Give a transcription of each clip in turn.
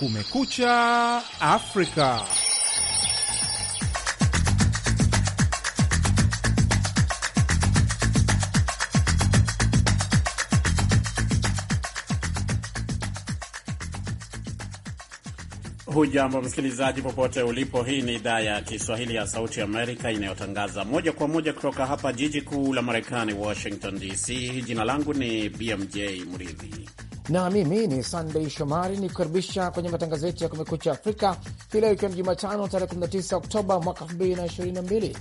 Kumekucha Afrika. Hujambo msikilizaji, popote ulipo. Hii ni idhaa ya Kiswahili ya Sauti Amerika inayotangaza moja kwa moja kutoka hapa jiji kuu la Marekani, Washington DC. Jina langu ni BMJ Mridhi na mimi ni sandey Shomari ni kukaribisha kwenye matangazo yetu ya Kumekucha Afrika hii leo, ikiwa ni Jumatano tarehe 19 Oktoba mwaka 2022.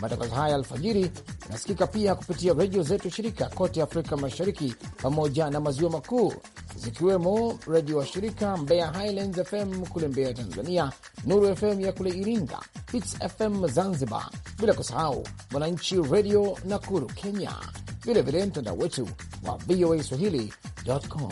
Matangazo haya alfajiri yanasikika pia kupitia redio zetu shirika kote Afrika Mashariki pamoja na Maziwa Makuu, zikiwemo redio wa shirika Mbeya Highlands FM kule Mbeya Tanzania, Nuru FM ya kule Iringa, Hits FM Zanzibar, bila kusahau Mwananchi Redio Nakuru Kenya, vilevile mtandao wetu wa VOA Swahili.com.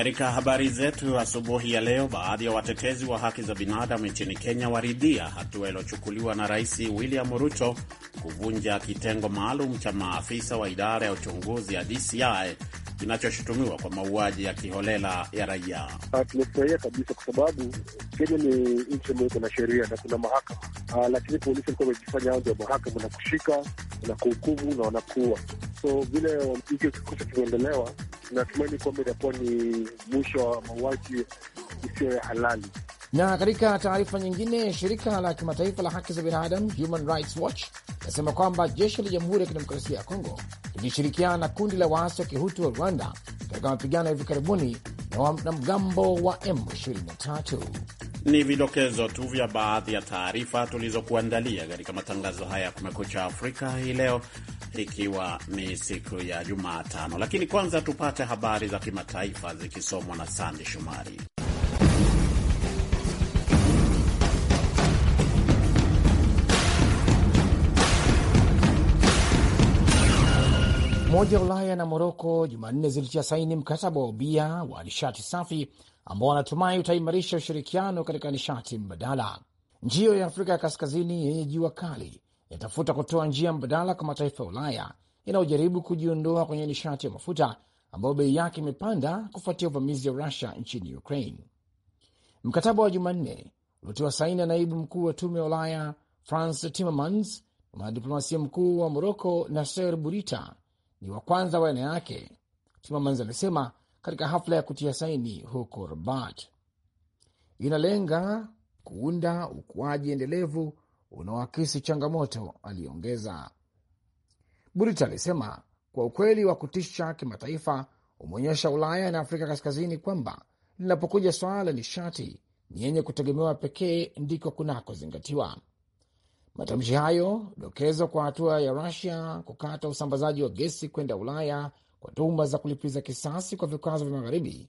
Katika habari zetu asubuhi ya leo, baadhi ya watetezi wa haki za binadamu nchini Kenya waridhia hatua iliyochukuliwa na Rais William Ruto kuvunja kitengo maalum cha maafisa wa idara ya uchunguzi ya DCI kinachoshutumiwa kwa mauaji ya kiholela ya raia. Tumefurahia kabisa kwa sababu Kenya ni nchi ambayo iko na sheria na kuna mahakama, ah, lakini polisi walikuwa wamejifanya anzo ya mahakama na kushika na kuhukumu na wanakuwa so vile hiki kikosa kimeendelewa natumaini kwamba itakuwa ni mwisho wa mauaji isiyo ya halali. Na katika taarifa nyingine, shirika la kimataifa la haki za binadamu Human Rights Watch kwamba jeshi la Jamhuri ya Kidemokrasia ya Kongo ikishirikiana na kundi la waasi wa kihutu wa Rwanda katika mapigano ya hivi karibuni na wanamgambo wa M23. Ni vidokezo tu vya baadhi ya taarifa tulizokuandalia katika matangazo haya ya Kumekucha Afrika hii leo, ikiwa ni siku ya Jumatano. Lakini kwanza tupate habari za kimataifa zikisomwa na Sande Shumari. Umoja wa Ulaya na Moroko Jumanne zilitia saini mkataba wa ubia wa nishati safi ambao wanatumai utaimarisha ushirikiano katika nishati mbadala. Nchi hiyo ya Afrika ya kaskazini yenye jua kali inatafuta kutoa njia mbadala kwa mataifa ya Ulaya inayojaribu kujiondoa kwenye nishati ya mafuta ambayo bei yake imepanda kufuatia uvamizi wa Rusia nchini Ukraine. Mkataba wa Jumanne uliotiwa saini ya naibu mkuu wa tume ya Ulaya Frans Timmermans, mwanadiplomasia mkuu wa Moroko Nasser Burita ni wa kwanza wa aina yake, Timmermans alisema katika hafla ya kutia saini huko Rabat. Inalenga kuunda ukuaji endelevu unaoakisi changamoto, aliongeza. Burit alisema kwa ukweli wa kutisha kimataifa umeonyesha Ulaya na Afrika Kaskazini kwamba linapokuja swala la nishati ni yenye kutegemewa pekee ndiko kunakozingatiwa Matamshi hayo dokezwa kwa hatua ya Rusia kukata usambazaji wa gesi kwenda Ulaya kwa tuhuma za kulipiza kisasi kwa vikwazo vya Magharibi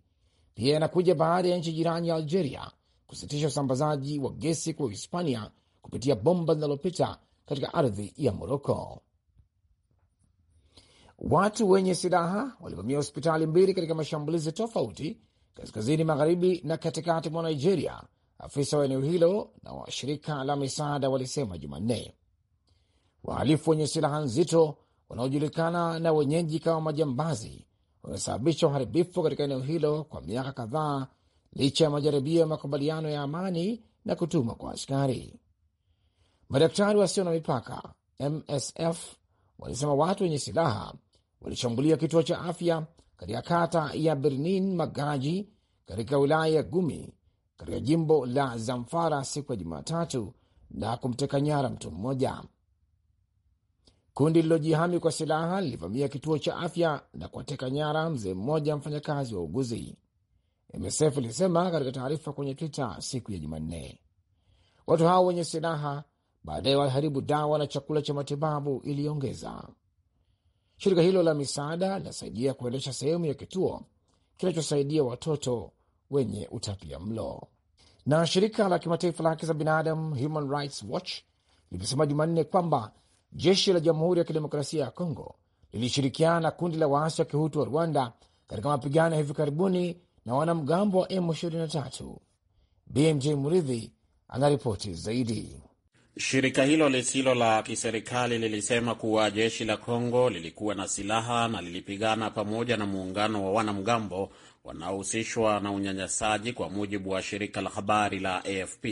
pia yanakuja baada ya nchi jirani ya Algeria kusitisha usambazaji wa gesi kwa Hispania kupitia bomba linalopita katika ardhi ya Moroko. Watu wenye silaha walivamia hospitali mbili katika mashambulizi tofauti kaskazini magharibi na katikati mwa Nigeria afisa wa eneo hilo na washirika la misaada walisema Jumanne. Wahalifu wenye silaha nzito wanaojulikana na wenyeji kama majambazi wamesababisha uharibifu katika eneo hilo kwa miaka kadhaa, licha ya majaribio ya makubaliano ya amani na kutumwa kwa askari. Madaktari wasio na mipaka MSF walisema watu wenye silaha walishambulia kituo cha afya katika kata ya Birnin Magaji katika wilaya ya Gumi katika jimbo la Zamfara siku ya Jumatatu na kumteka nyara mtu mmoja. Kundi lilojihami kwa silaha lilivamia kituo cha afya na kuwateka nyara mzee mmoja, mfanyakazi wa uguzi. MSF ilisema katika taarifa kwenye Twitter siku ya Jumanne. Watu hao wenye silaha baadaye waliharibu dawa na chakula cha matibabu, iliongeza. Shirika hilo la misaada linasaidia kuendesha sehemu ya kituo kinachosaidia watoto wenye utapia mlo. Na shirika la kimataifa la haki za binadamu Human Rights Watch limesema Jumanne kwamba jeshi la Jamhuri ya Kidemokrasia ya Kongo lilishirikiana na kundi la waasi wa kihutu wa Rwanda katika mapigano ya hivi karibuni na wanamgambo wa M23. BMJ Muridhi anaripoti zaidi. Shirika hilo lisilo la kiserikali lilisema kuwa jeshi la Kongo lilikuwa na silaha na lilipigana pamoja na muungano wa wanamgambo wanaohusishwa na unyanyasaji, kwa mujibu wa shirika la habari la AFP.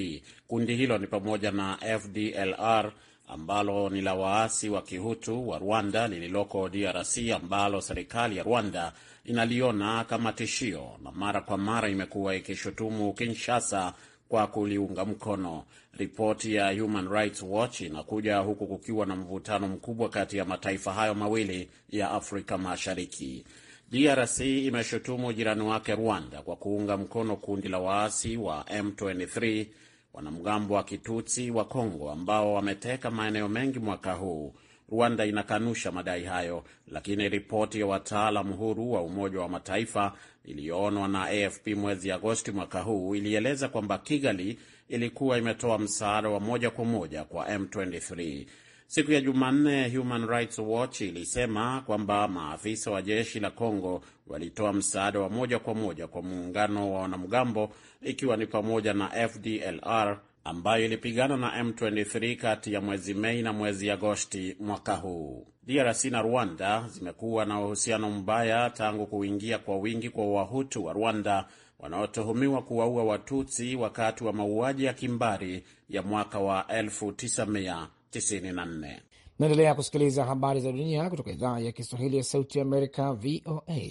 Kundi hilo ni pamoja na FDLR ambalo ni la waasi wa kihutu wa Rwanda lililoko DRC ambalo serikali ya Rwanda inaliona kama tishio na mara kwa mara imekuwa ikishutumu Kinshasa kwa kuliunga mkono. Ripoti ya Human Rights Watch inakuja huku kukiwa na mvutano mkubwa kati ya mataifa hayo mawili ya Afrika Mashariki. DRC imeshutumu jirani wake Rwanda kwa kuunga mkono kundi la waasi wa M23, wanamgambo wa Kitutsi wa congo ambao wameteka maeneo mengi mwaka huu. Rwanda inakanusha madai hayo, lakini ripoti ya wataalamu huru wa Umoja wa Mataifa iliyoonwa na AFP mwezi Agosti mwaka huu ilieleza kwamba Kigali ilikuwa imetoa msaada wa moja kwa moja kwa M23. Siku ya Jumanne, Human Rights Watch ilisema kwamba maafisa wa jeshi la Kongo walitoa msaada wa moja kwa moja kwa muungano wa wanamgambo, ikiwa ni pamoja na FDLR ambayo ilipigana na M23 kati ya mwezi Mei na mwezi Agosti mwaka huu. DRC na Rwanda zimekuwa na uhusiano mbaya tangu kuingia kwa wingi kwa Wahutu wa Rwanda wanaotuhumiwa kuwaua Watutsi wakati wa mauaji ya kimbari ya mwaka wa 1900 94. Naendelea kusikiliza habari za dunia kutoka idhaa ya Kiswahili ya Sauti ya Amerika, VOA,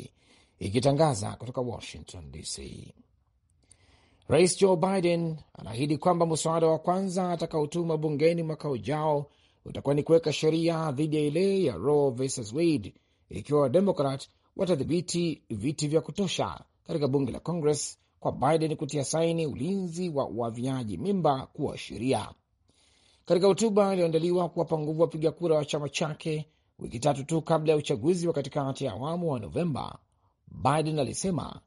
ikitangaza kutoka Washington DC. Rais Joe Biden anaahidi kwamba mswada wa kwanza atakaotuma bungeni mwaka ujao utakuwa ni kuweka sheria dhidi ya ile ya Roe versus Wade ikiwa Wademokrat watadhibiti viti vya kutosha katika bunge la Congress kwa Biden kutia saini ulinzi wa uavyaji mimba kuwa sheria. Katika hotuba iliyoandaliwa kuwapa nguvu wapiga kura wa chama chake wiki tatu tu kabla ya uchaguzi wa katikati ya awamu wa Novemba, Biden alisema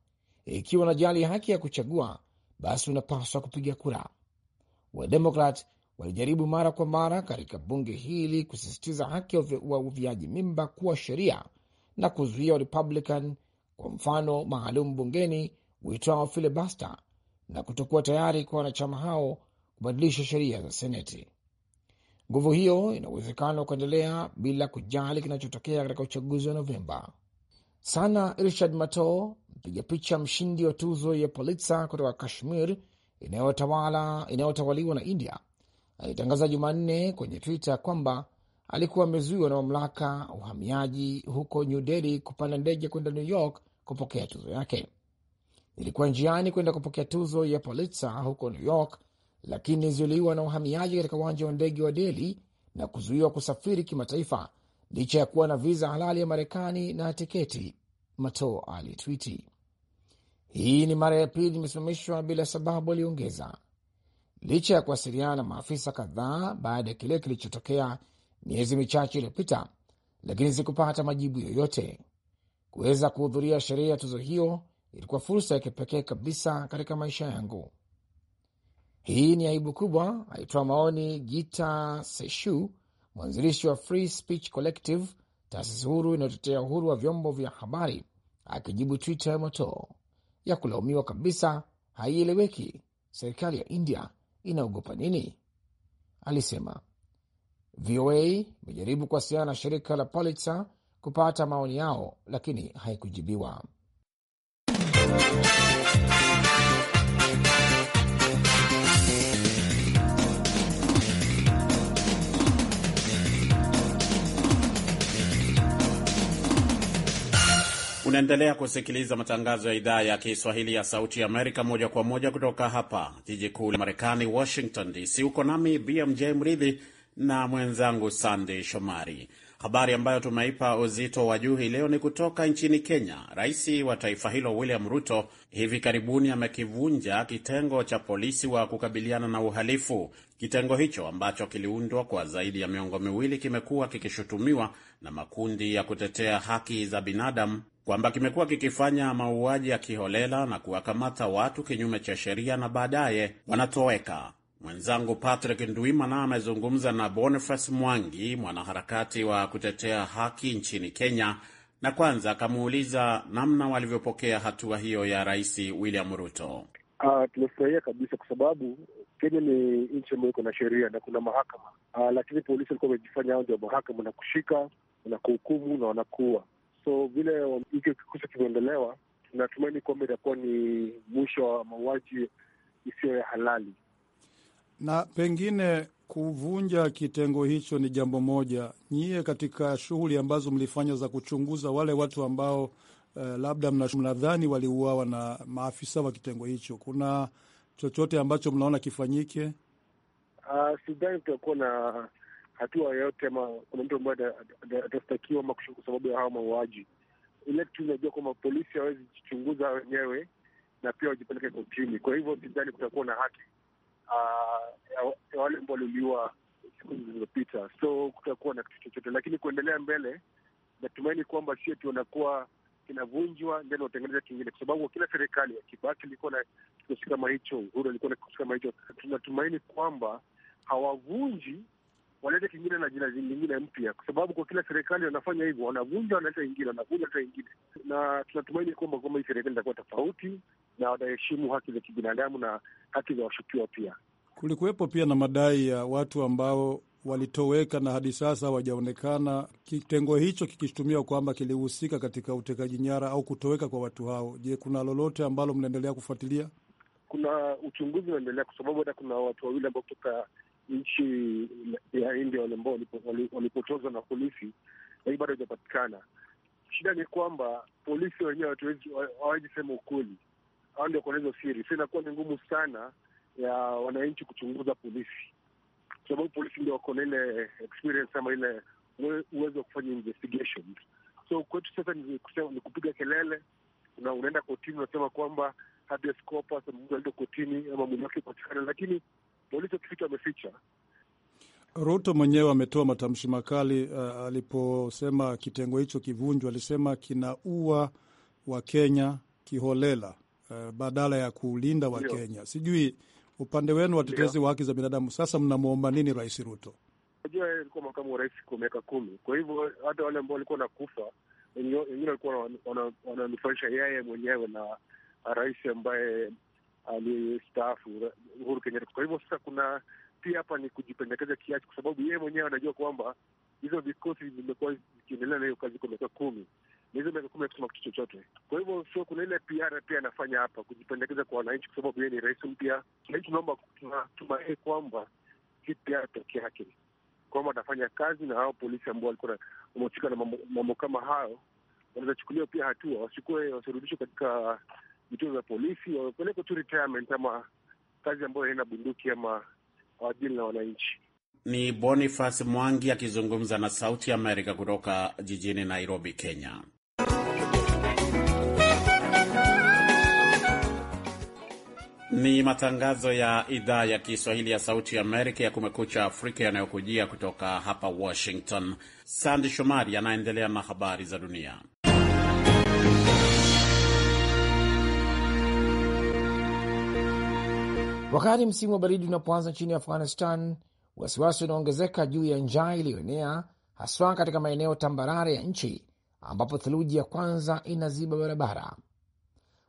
ikiwa unajali haki ya kuchagua, basi unapaswa kupiga kura. Wademokrat walijaribu mara kwa mara katika bunge hili kusisitiza haki ya uviaji mimba kuwa sheria na kuzuia Warepublican, kwa mfano maalum bungeni uitwao filibasta, na kutokuwa tayari kwa wanachama hao kubadilisha sheria za Seneti. Nguvu hiyo ina uwezekano wa kuendelea bila kujali kinachotokea katika uchaguzi wa Novemba. Sana richard Mato, mpiga picha mshindi wa tuzo ya Pulitzer kutoka Kashmir inayotawaliwa na India, alitangaza Jumanne kwenye Twitter kwamba alikuwa amezuiwa na mamlaka uhamiaji huko New Delhi kupanda ndege kwenda New York kupokea tuzo yake. Nilikuwa njiani kwenda kupokea tuzo ya Pulitzer huko New York lakini ilizuiliwa na uhamiaji katika uwanja wa ndege wa deli na kuzuiwa kusafiri kimataifa licha ya kuwa na viza halali ya Marekani na tiketi. Mato alitwiti, hii ni mara ya pili imesimamishwa bila sababu, aliongeza, licha ya kuwasiliana na maafisa kadhaa baada ya kile kilichotokea miezi michache iliyopita, lakini sikupata majibu yoyote. Kuweza kuhudhuria sherehe ya tuzo hiyo ilikuwa fursa ya kipekee kabisa katika maisha yangu. Hii ni aibu kubwa, alitoa maoni Gita Seshu, mwanzilishi wa Free Speech Collective, taasisi huru inayotetea uhuru wa vyombo vya habari, akijibu Twitter ya moto ya kulaumiwa kabisa, haieleweki. Serikali ya India inaogopa nini? Alisema VOA imejaribu kuwasiliana na shirika la Pulitzer kupata maoni yao, lakini haikujibiwa. Unaendelea kusikiliza matangazo ya idhaa ya Kiswahili ya Sauti ya Amerika moja kwa moja kutoka hapa jiji kuu la Marekani, Washington DC. Uko nami BMJ Mridhi na mwenzangu Sandey Shomari. Habari ambayo tumeipa uzito wa juu hii leo ni kutoka nchini Kenya. Rais wa taifa hilo William Ruto hivi karibuni amekivunja kitengo cha polisi wa kukabiliana na uhalifu. Kitengo hicho ambacho kiliundwa kwa zaidi ya miongo miwili kimekuwa kikishutumiwa na makundi ya kutetea haki za binadamu kwamba kimekuwa kikifanya mauaji ya kiholela na kuwakamata watu kinyume cha sheria na baadaye wanatoweka. Mwenzangu Patrick Ndwimana amezungumza na Boniface Mwangi, mwanaharakati wa kutetea haki nchini Kenya, na kwanza akamuuliza namna walivyopokea hatua hiyo ya Rais William Ruto. Uh, tumefurahia kabisa kwa sababu Kenya ni nchi ambayo iko na sheria na kuna mahakama uh, lakini polisi walikuwa wamejifanya hao ndio mahakama na kushika na kuhukumu na wanakuwa So vile hiki kikosi kimeondolewa, tunatumaini kwamba itakuwa ni mwisho wa mauaji isiyo ya halali, na pengine kuvunja kitengo hicho ni jambo moja. Nyie katika shughuli ambazo mlifanya za kuchunguza wale watu ambao uh, labda mnadhani waliuawa na maafisa wa kitengo hicho, kuna chochote ambacho mnaona kifanyike? Uh, sidhani tutakuwa na hatua yoyote ama kuna mtu ambaye atastakiwa ama kwa sababu ya hawa mauaji. Ile kitu inajua kwamba polisi hawezi jichunguza wenyewe na pia wajipeleke kotini. Kwa hivyo sidhani kutakuwa na haki ah, ya wale ambao waliuliwa siku zilizopita, so kutakuwa na kitu chochote. Lakini kuendelea mbele, natumaini kwamba sio tu wanakuwa kinavunjwa then watengeneza kingine, kwa sababu kila serikali ya Kibaki ilikuwa na kikosi kama hicho, Uhuru alikuwa na kikosi kama hicho. Tunatumaini kwamba hawavunji walete kingine na jina lingine mpya, kwa sababu kwa kila serikali wanafanya hivyo, wanavunja wanaleta ingine, wanavunja wanaleta ingine, na tunatumaini kwamba kwamba hii serikali itakuwa tofauti na wataheshimu haki za kibinadamu na haki za washukiwa. Pia kulikuwepo pia na madai ya watu ambao walitoweka na hadi sasa hawajaonekana. Kitengo hicho kikishutumiwa kwamba kilihusika katika utekaji nyara au kutoweka kwa watu hao. Je, kuna lolote ambalo mnaendelea kufuatilia? Kuna uchunguzi unaendelea, kwa sababu hata kuna watu wawili ambao kutoka nchi ya India wale ambao walipotozwa na polisi, ahii bado haijapatikana. Shida ni kwamba polisi wenyewe hawajisema ukweli, hao ndio kueleza siri. Sa inakuwa ni ngumu sana ya wananchi kuchunguza polisi, kwa sababu polisi ndio wako na ile experience ama ile uwezo wa kufanya So kwetu sasa ni, ni kupiga kelele na unaenda kotini unasema kwamba habeas corpus, mtu kotini ama mwili wake patikana, lakini polisi kificha Ruto mwenyewe ametoa matamshi makali uh, aliposema kitengo hicho kivunjwa, alisema kinaua Wakenya kiholela uh, badala ya kulinda Wakenya. Sijui upande wenu watetezi wa haki za binadamu, sasa mnamwomba nini Rais Ruto? Unajua yeye alikuwa makamu wa rais kwa miaka kumi, kwa hivyo hata wale ambao walikuwa nakufa wengine walikuwa wananufaisha yeye mwenyewe na rais ambaye aliyestaafu Uhuru Kenyatta. Kwa hivyo sasa, kuna pia hapa ni kujipendekeza kiasi, kwa sababu yeye mwenyewe anajua kwamba hizo vikosi vimekuwa vikiendelea na hiyo kazi kwa miaka kumi na hizo miaka kumi hakusema kitu chochote. Kwa hivyo so kuna ile PR pia anafanya hapa, kujipendekeza kwa wananchi, kwa sababu yeye ni rais mpya. Wananchi tunaomba tunatumaini kwamba si PR peke yake, kwamba anafanya kazi na hao polisi ambao walikuwa wamehusika na mambo kama hayo, wanaweza chukuliwa pia hatua, wasikuwe wasirudishwe katika vituo vya polisi, wamepelekwa tu retirement ama kazi ambayo haina bunduki ama hawadili na wananchi. Ni Boniface Mwangi akizungumza na Sauti ya Amerika kutoka jijini Nairobi, Kenya. Ni matangazo ya idhaa ya Kiswahili ya Sauti Amerika ya Kumekucha Afrika yanayokujia kutoka hapa Washington. Sandi Shomari anaendelea na habari za dunia. Wakati msimu wa baridi unapoanza nchini Afghanistan, wasiwasi unaongezeka juu ya njaa iliyoenea haswa katika maeneo tambarare ya nchi ambapo theluji ya kwanza inaziba barabara.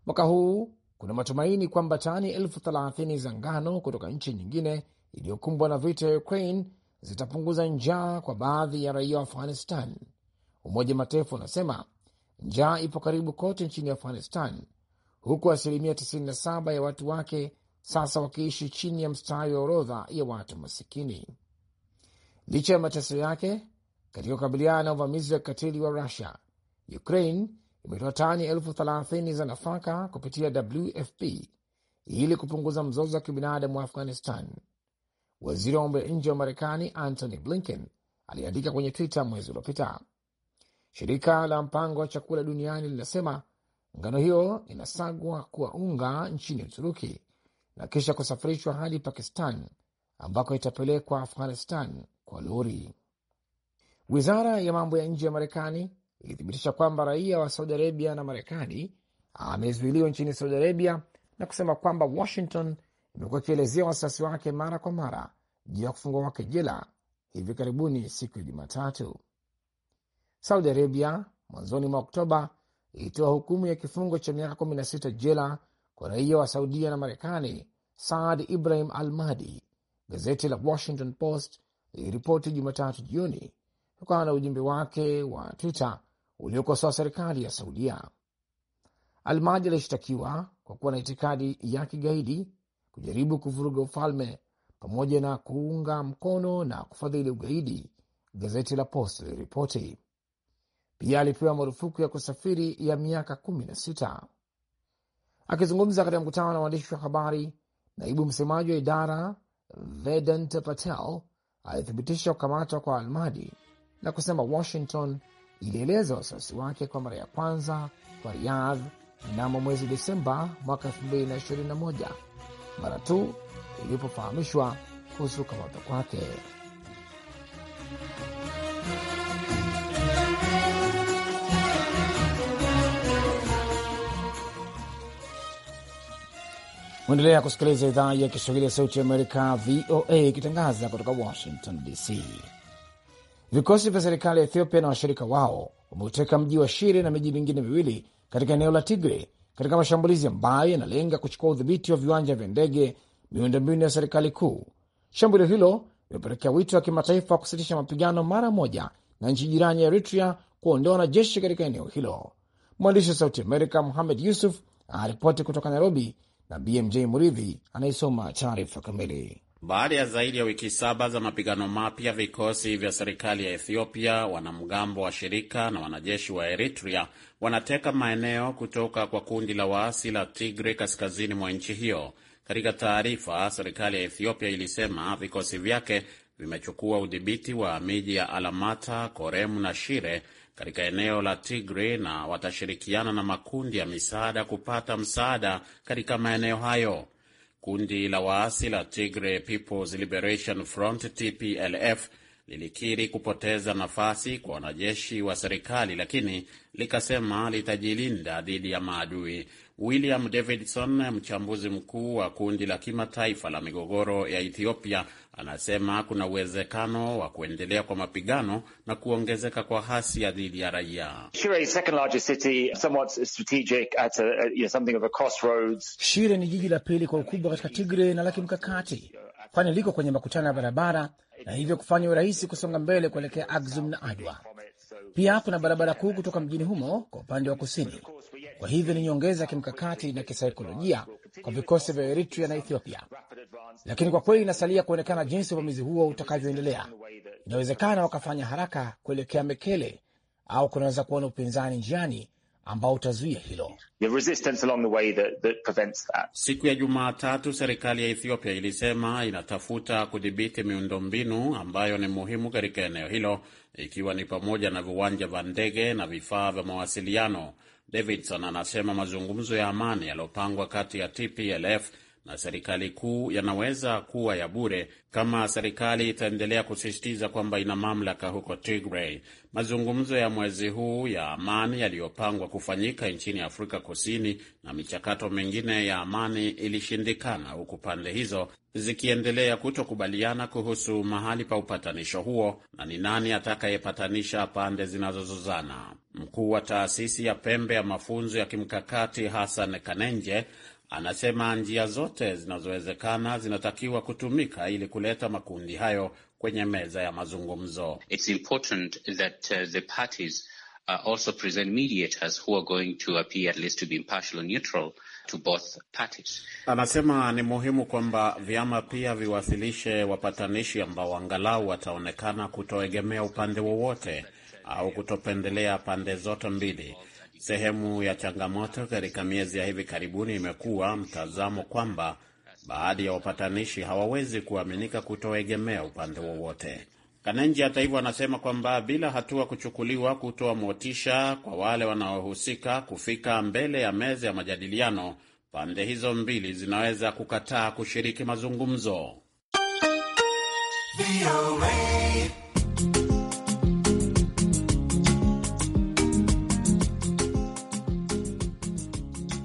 Mwaka huu kuna matumaini kwamba tani elfu thelathini za ngano kutoka nchi nyingine iliyokumbwa na vita ya Ukraine zitapunguza njaa kwa baadhi ya raia wa Afghanistan. Umoja Mataifa unasema njaa ipo karibu kote nchini Afghanistan, huku asilimia 97 ya watu wake sasa wakiishi chini ya mstari wa orodha ya watu masikini. Licha ya mateso yake katika kukabiliana na uvamizi wa kikatili wa Rusia, Ukraine imetoa tani elfu thelathini za nafaka kupitia WFP ili kupunguza mzozo wa kibinadamu wa Afghanistan. Waziri wa mambo ya nje wa Marekani Antony Blinken aliandika kwenye Twitter mwezi uliopita. Shirika la mpango wa chakula duniani linasema ngano hiyo inasagwa kuwa unga nchini Uturuki na kisha kusafirishwa hadi Pakistan ambako itapelekwa Afghanistan kwa lori. Wizara ya mambo ya nje ya Marekani ilithibitisha kwamba raia wa Saudi Arabia na Marekani amezuiliwa nchini Saudi Arabia na kusema kwamba Washington imekuwa ikielezea wasiwasi wake mara kwa mara juu ya kufungwa kwake jela hivi karibuni. Siku ya Jumatatu, Saudi Arabia mwanzoni mwa Oktoba ilitoa hukumu ya kifungo cha miaka 16 jela kwa raia wa Saudia na Marekani, Saad Ibrahim Al-Mahdi, gazeti la Washington Post liliripoti Jumatatu jioni kutokana na ujumbe wake wa Twitter uliokosoa serikali ya Saudia. Almadi alishtakiwa kwa kuwa na itikadi ya kigaidi, kujaribu kuvuruga ufalme pamoja na kuunga mkono na kufadhili ugaidi, gazeti la Post liliripoti. Pia alipewa marufuku ya kusafiri ya miaka kumi na sita. Akizungumza katika mkutano na waandishi wa habari, naibu msemaji wa idara Vedant Patel alithibitisha kukamatwa kwa Almadi na kusema Washington ilieleza wasiwasi wake kwa mara ya kwanza kwa Riyadh mnamo mwezi Desemba mwaka 2021 mara tu ilipofahamishwa kuhusu kukamatwa kwake. Mwendelea kusikiliza idhaa ya Kiswahili ya Sauti ya Amerika, VOA, ikitangaza kutoka Washington DC. Vikosi vya serikali ya Ethiopia na washirika wao wameuteka mji wa Shire na miji mingine miwili katika eneo la Tigre katika mashambulizi ambayo yanalenga kuchukua udhibiti wa viwanja vya ndege, miundombinu ya serikali kuu. Shambulio hilo limepelekea wito wa kimataifa wa kusitisha mapigano mara moja na nchi jirani ya Eritrea kuondoa na jeshi katika eneo hilo. Mwandishi wa Sauti Amerika Muhamed Yusuf aripoti kutoka Nairobi na BMJ Muridhi anayesoma taarifa kamili. Baada ya zaidi ya wiki saba za mapigano mapya, vikosi vya serikali ya Ethiopia, wanamgambo wa shirika na wanajeshi wa Eritrea wanateka maeneo kutoka kwa kundi la waasi la Tigre kaskazini mwa nchi hiyo. Katika taarifa, serikali ya Ethiopia ilisema vikosi vyake vimechukua udhibiti wa miji ya Alamata, Koremu na Shire katika eneo la tigri na watashirikiana na makundi ya misaada kupata msaada katika maeneo hayo. Kundi la waasi la tigre People's Liberation Front TPLF lilikiri kupoteza nafasi kwa wanajeshi wa serikali, lakini likasema litajilinda dhidi ya maadui William Davidson, mchambuzi mkuu wa kundi la kimataifa la migogoro ya Ethiopia, anasema kuna uwezekano wa kuendelea kwa mapigano na kuongezeka kwa hasia dhidi ya raia. Shire ni jiji la pili kwa ukubwa katika Tigre na la kimkakati, kwani liko kwenye makutano ya barabara na hivyo kufanya urahisi kusonga mbele kuelekea azum na Adwa. Pia kuna barabara kuu kutoka mjini humo kwa upande wa kusini kwa hivyo ni nyongeza ya kimkakati na kisaikolojia kwa vikosi vya Eritrea na Ethiopia, lakini kwa kweli inasalia kuonekana jinsi uvamizi huo utakavyoendelea. Inawezekana wakafanya haraka kuelekea Mekele au kunaweza kuona upinzani njiani ambao utazuia hilo. Siku ya Jumatatu, serikali ya Ethiopia ilisema inatafuta kudhibiti miundombinu ambayo ni muhimu katika eneo hilo, ikiwa ni pamoja na viwanja vya ndege na vifaa vya mawasiliano. Davidson anasema mazungumzo ya amani yaliyopangwa kati ya TPLF na serikali kuu yanaweza kuwa ya bure kama serikali itaendelea kusisitiza kwamba ina mamlaka huko Tigray. Mazungumzo ya mwezi huu ya amani yaliyopangwa kufanyika nchini Afrika Kusini na michakato mingine ya amani ilishindikana, huku pande hizo zikiendelea kutokubaliana kuhusu mahali pa upatanisho huo na ni nani atakayepatanisha pande zinazozozana. Mkuu wa taasisi ya pembe ya mafunzo ya kimkakati Hassan Kanenje anasema njia zote zinazowezekana zinatakiwa kutumika ili kuleta makundi hayo kwenye meza ya mazungumzo. It's important that, uh, the parties, uh, also present mediators who are going to appear at least to be impartial neutral to both parties. Anasema ni muhimu kwamba vyama pia viwasilishe wapatanishi ambao angalau wataonekana kutoegemea upande wowote wa au kutopendelea pande zote mbili. Sehemu ya changamoto katika miezi ya hivi karibuni imekuwa mtazamo kwamba baadhi ya wapatanishi hawawezi kuaminika kutoegemea upande wowote. Kanenji hata hivyo, anasema kwamba bila hatua kuchukuliwa kutoa motisha kwa wale wanaohusika kufika mbele ya meza ya majadiliano, pande hizo mbili zinaweza kukataa kushiriki mazungumzo.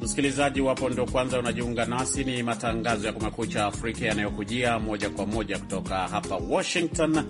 Msikilizaji wapo ndio kwanza unajiunga nasi, ni matangazo ya Kumekucha Afrika yanayokujia moja kwa moja kutoka hapa Washington,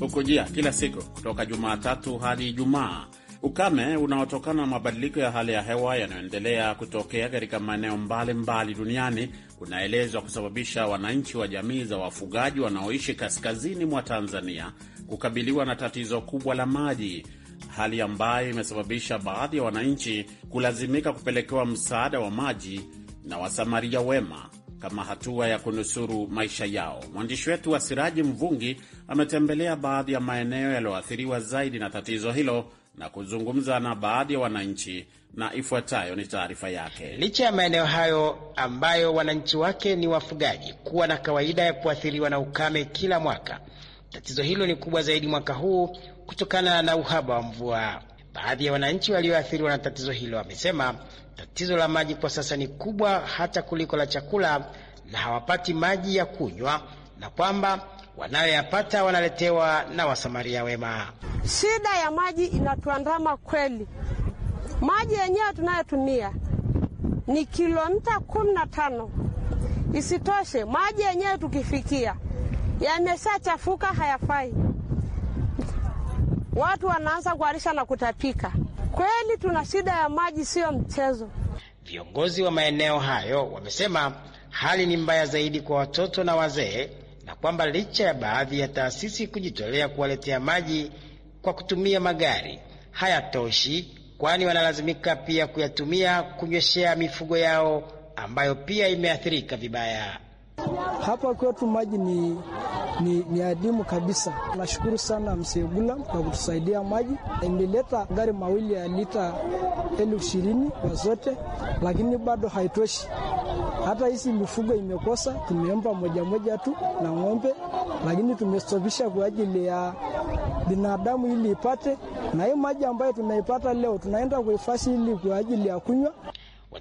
hukujia kila siku kutoka Jumatatu hadi Ijumaa. Ukame unaotokana na mabadiliko ya hali ya hewa yanayoendelea kutokea katika maeneo mbalimbali duniani unaelezwa kusababisha wananchi wa jamii za wafugaji wanaoishi kaskazini mwa Tanzania kukabiliwa na tatizo kubwa la maji hali ambayo imesababisha baadhi ya wananchi kulazimika kupelekewa msaada wa maji na wasamaria wema kama hatua ya kunusuru maisha yao. Mwandishi wetu wa Siraji Mvungi ametembelea baadhi ya maeneo yaliyoathiriwa zaidi na tatizo hilo na kuzungumza na baadhi ya wananchi na ifuatayo ni taarifa yake. Licha ya maeneo hayo ambayo wananchi wake ni wafugaji kuwa na kawaida ya kuathiriwa na ukame kila mwaka, tatizo hilo ni kubwa zaidi mwaka huu kutokana na uhaba wa mvua. Baadhi ya wananchi walioathiriwa na tatizo hilo wamesema tatizo la maji kwa sasa ni kubwa hata kuliko la chakula, na hawapati maji ya kunywa na kwamba wanayoyapata wanaletewa na wasamaria wema. Shida ya maji inatuandama kweli. Maji yenyewe tunayotumia ni kilomita kumi na tano. Isitoshe, maji yenyewe tukifikia yameshachafuka, hayafai watu wanaanza kuharisha na kutapika. Kweli tuna shida ya maji, siyo mchezo. Viongozi wa maeneo hayo wamesema hali ni mbaya zaidi kwa watoto na wazee, na kwamba licha ya baadhi ya taasisi kujitolea kuwaletea maji kwa kutumia magari hayatoshi, kwani wanalazimika pia kuyatumia kunyweshea mifugo yao ambayo pia imeathirika vibaya. Hapa kwetu maji ni, ni, ni adimu kabisa. Nashukuru sana Msegula kwa kutusaidia maji, imeleta gari mawili ya lita elfu ishirini kwa zote, lakini bado haitoshi. Hata hizi mifugo imekosa, tumeomba moja moja tu na ng'ombe, lakini tumestopisha kwa ajili ya binadamu ili ipate, na hii maji ambayo tunaipata leo tunaenda kuhifadhi ili kwa ajili ya kunywa.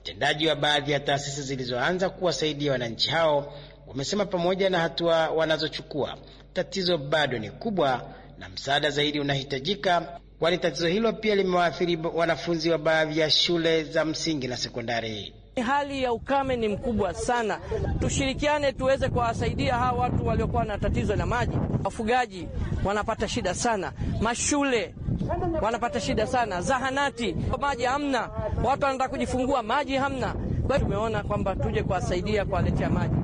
Watendaji wa baadhi ya taasisi zilizoanza kuwasaidia wananchi hao wamesema pamoja na hatua wanazochukua, tatizo bado ni kubwa na msaada zaidi unahitajika, kwani tatizo hilo pia limewaathiri wanafunzi wa baadhi ya shule za msingi na sekondari. Hali ya ukame ni mkubwa sana, tushirikiane tuweze kuwasaidia hawa watu waliokuwa na tatizo la maji. Wafugaji wanapata shida sana, mashule wanapata shida sana, zahanati maji hamna, watu wanataka kujifungua maji hamna. Kwa hiyo tumeona kwamba tuje kuwasaidia kuwaletea maji,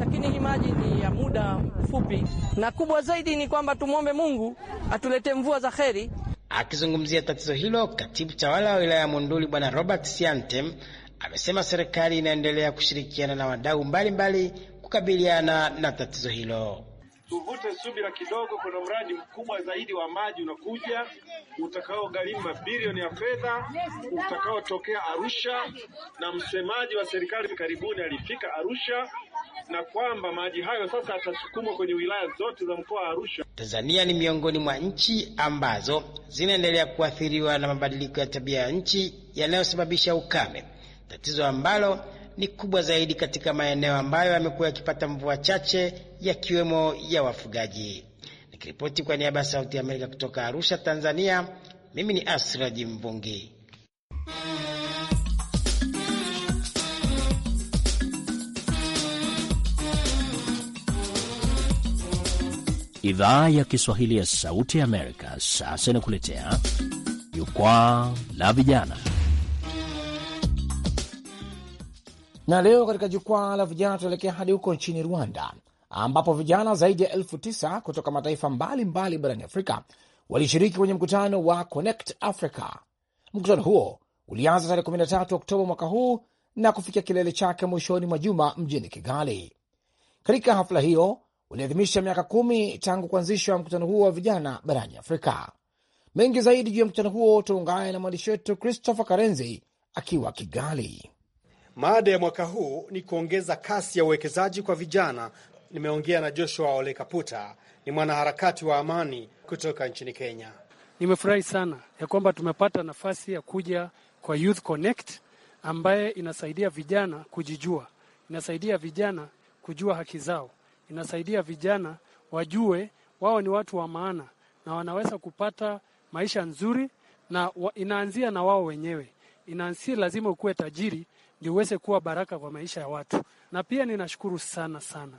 lakini hii maji ni ya muda mfupi, na kubwa zaidi ni kwamba tumwombe Mungu atuletee mvua za heri. Akizungumzia tatizo hilo, katibu tawala wa wilaya ya Monduli Bwana Robert Siantem amesema serikali inaendelea kushirikiana na wadau mbalimbali kukabiliana na tatizo hilo. Tuvute subira kidogo, kuna mradi mkubwa zaidi wa maji unakuja utakaogharimu mabilioni ya fedha utakaotokea Arusha, na msemaji wa serikali karibuni alifika Arusha na kwamba maji hayo sasa yatasukumwa kwenye wilaya zote za mkoa wa Arusha. Tanzania ni miongoni mwa nchi ambazo zinaendelea kuathiriwa na mabadiliko ya tabia ya nchi yanayosababisha ukame tatizo ambalo ni kubwa zaidi katika maeneo ambayo yamekuwa yakipata mvua chache yakiwemo ya wafugaji. Nikiripoti kwa niaba ya Sauti ya Amerika kutoka Arusha, Tanzania, mimi ni Asraji Mvungi. Idhaa ya Kiswahili ya Sauti ya Amerika sasa inakuletea Jukwaa la Vijana. Na leo katika jukwaa la vijana tuelekea hadi huko nchini Rwanda, ambapo vijana zaidi ya elfu tisa kutoka mataifa mbalimbali barani Afrika walishiriki kwenye mkutano wa Connect Africa. Mkutano huo ulianza tarehe 13 Oktoba mwaka huu na kufikia kilele chake mwishoni mwa juma mjini Kigali. Katika hafla hiyo uliadhimisha miaka kumi tangu kuanzishwa mkutano huo wa vijana barani Afrika. Mengi zaidi juu ya mkutano huo tuungane na mwandishi wetu Christopher Karenzi akiwa Kigali. Maada ya mwaka huu ni kuongeza kasi ya uwekezaji kwa vijana. Nimeongea na Joshua Ole Kaputa, ni mwanaharakati wa amani kutoka nchini Kenya. Nimefurahi sana ya kwamba tumepata nafasi ya kuja kwa Youth Connect ambaye inasaidia vijana kujijua, inasaidia vijana kujua haki zao, inasaidia vijana wajue wao ni watu wa maana na wanaweza kupata maisha nzuri, na inaanzia na wao wenyewe. Inaanzia lazima ukuwe tajiri ndio uweze kuwa baraka kwa maisha ya watu. Na pia ninashukuru sana sana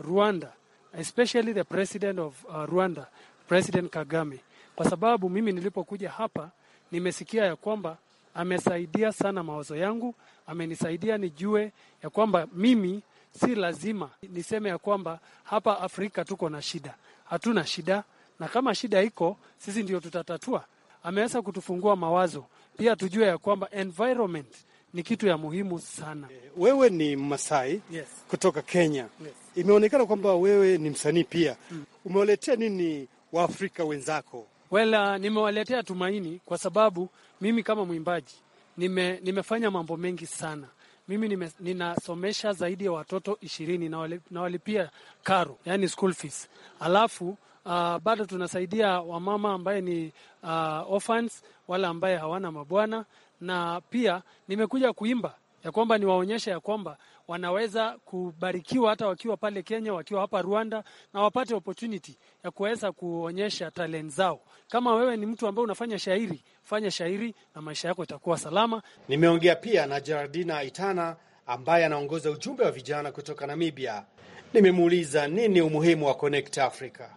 Rwanda, especially the president of uh, Rwanda, President Kagame, kwa sababu mimi nilipokuja hapa nimesikia ya kwamba amesaidia sana mawazo yangu, amenisaidia nijue ya kwamba mimi si lazima niseme ya kwamba hapa Afrika tuko na shida. Hatuna shida, na kama shida iko sisi ndio tutatatua. Ameweza kutufungua mawazo pia, tujue ya kwamba environment ni kitu ya muhimu sana. Eh, wewe ni Masai yes. kutoka Kenya yes. Imeonekana kwamba wewe ni msanii pia mm. Umewaletea nini Waafrika wenzako? Well, uh, nimewaletea tumaini kwa sababu mimi kama mwimbaji nime, nimefanya mambo mengi sana mimi nime, ninasomesha zaidi ya watoto ishirini na walipia karo, yani school fees. Alafu uh, bado tunasaidia wamama ambaye ni uh, orphans, wala ambaye hawana mabwana na pia nimekuja kuimba ya kwamba niwaonyeshe ya kwamba wanaweza kubarikiwa hata wakiwa pale Kenya, wakiwa hapa Rwanda, na wapate opportunity ya kuweza kuonyesha talent zao. Kama wewe ni mtu ambaye unafanya shairi, fanya shairi na maisha yako itakuwa salama. Nimeongea pia na Gerardina Itana ambaye anaongoza ujumbe wa vijana kutoka Namibia. Nimemuuliza nini umuhimu wa Connect Africa.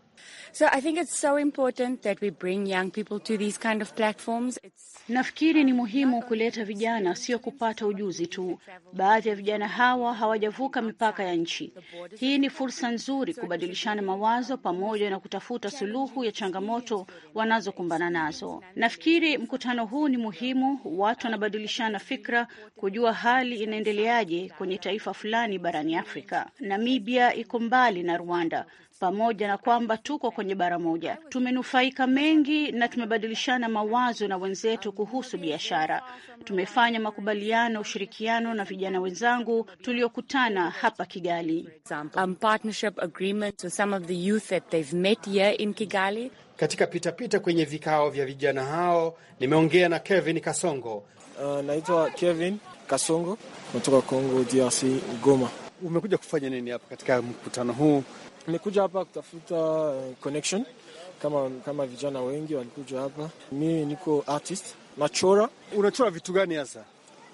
So I think it's so important that we bring young people to these kind of platforms. It's... Nafikiri ni muhimu kuleta vijana, sio kupata ujuzi tu. Baadhi ya vijana hawa hawajavuka mipaka ya nchi. Hii ni fursa nzuri kubadilishana mawazo pamoja na kutafuta suluhu ya changamoto wanazokumbana nazo. Nafikiri mkutano huu ni muhimu, watu wanabadilishana fikra, kujua hali inaendeleaje kwenye taifa fulani barani Afrika. Namibia iko mbali na Rwanda, pamoja na kwamba tuko kwa kwenye bara moja. Tumenufaika mengi na tumebadilishana mawazo na wenzetu kuhusu biashara. Tumefanya makubaliano ushirikiano na vijana wenzangu tuliokutana hapa Kigali. Um, Kigali. Katika pitapita kwenye vikao vya vijana hao nimeongea na Kevin Kasongo. Uh, naitwa Kevin Kasongo, natoka Kongo DRC, Goma. Umekuja kufanya nini hapa katika mkutano huu Nimekuja hapa kutafuta eh, connection kama, kama vijana wengi walikuja hapa. Mimi niko artist, nachora. Unachora vitu gani hasa?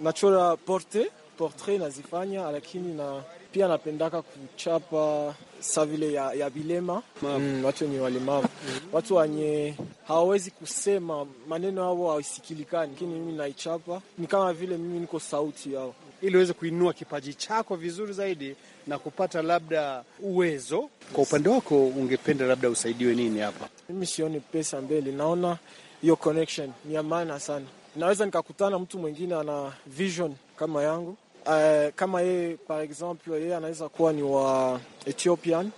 Nachora porte portrait nazifanya, lakini na pia napendaka kuchapa sa vile ya, ya bilema mm, watu wenye walemavu mm, watu wenye hawawezi kusema maneno yao hawasikilikani, lakini mimi naichapa ni kama vile mimi niko sauti yao ili uweze kuinua kipaji chako vizuri zaidi na kupata labda uwezo. Kwa upande wako, ungependa labda usaidiwe nini hapa? Mimi sioni pesa mbele, naona hiyo connection ni ya maana sana. Naweza nikakutana mtu mwingine ana vision kama yangu. Uh, kama yeye par example, yeye anaweza kuwa ni wa Ethiopian,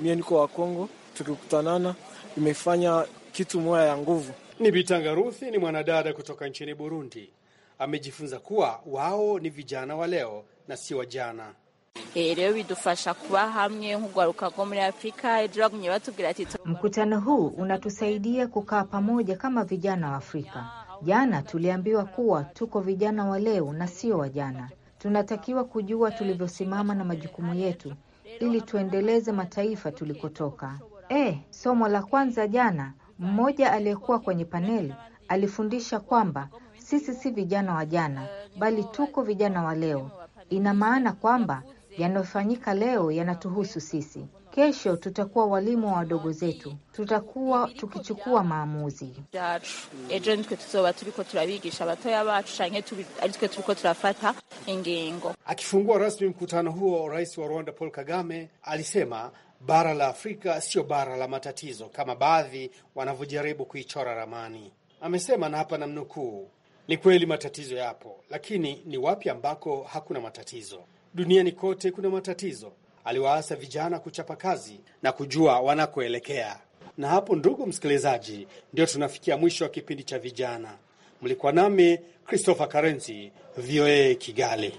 mie niko wa Congo, tukikutanana imefanya kitu moya ya nguvu. Ni Bitanga Ruthi ni mwanadada kutoka nchini Burundi amejifunza kuwa wao ni vijana wa leo na si wa jana. Eh, Mkutano huu unatusaidia kukaa pamoja kama vijana wa Afrika. Jana tuliambiwa kuwa tuko vijana wa leo na sio wa jana. Tunatakiwa kujua tulivyosimama na majukumu yetu ili tuendeleze mataifa tulikotoka. E, somo la kwanza jana, mmoja aliyekuwa kwenye paneli alifundisha kwamba sisi si vijana wa jana, bali tuko vijana wa leo. Ina maana kwamba yanayofanyika leo yanatuhusu sisi. Kesho tutakuwa walimu wa wadogo zetu, tutakuwa tukichukua maamuzi. Akifungua rasmi mkutano huo, rais wa Rwanda Paul Kagame alisema bara la Afrika sio bara la matatizo kama baadhi wanavyojaribu kuichora ramani. Amesema na hapa namnukuu, ni kweli matatizo yapo, lakini ni wapi ambako hakuna matatizo? Duniani kote kuna matatizo. Aliwaasa vijana kuchapa kazi na kujua wanakoelekea. Na hapo, ndugu msikilizaji, ndio tunafikia mwisho wa kipindi cha vijana. Mlikuwa nami Christopher Karenzi, VOA Kigali.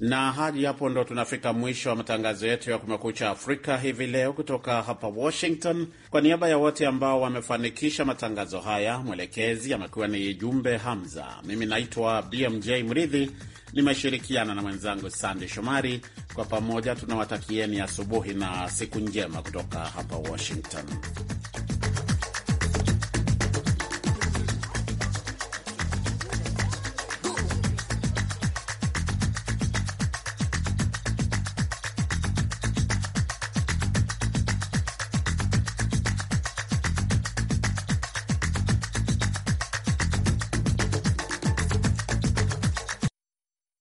Na hadi hapo ndo tunafika mwisho wa matangazo yetu ya Kumekucha Afrika hivi leo kutoka hapa Washington. Kwa niaba ya wote ambao wamefanikisha matangazo haya, mwelekezi amekuwa ni Jumbe Hamza, mimi naitwa BMJ Mridhi, nimeshirikiana na mwenzangu Sande Shomari. Kwa pamoja tunawatakieni asubuhi na siku njema kutoka hapa Washington.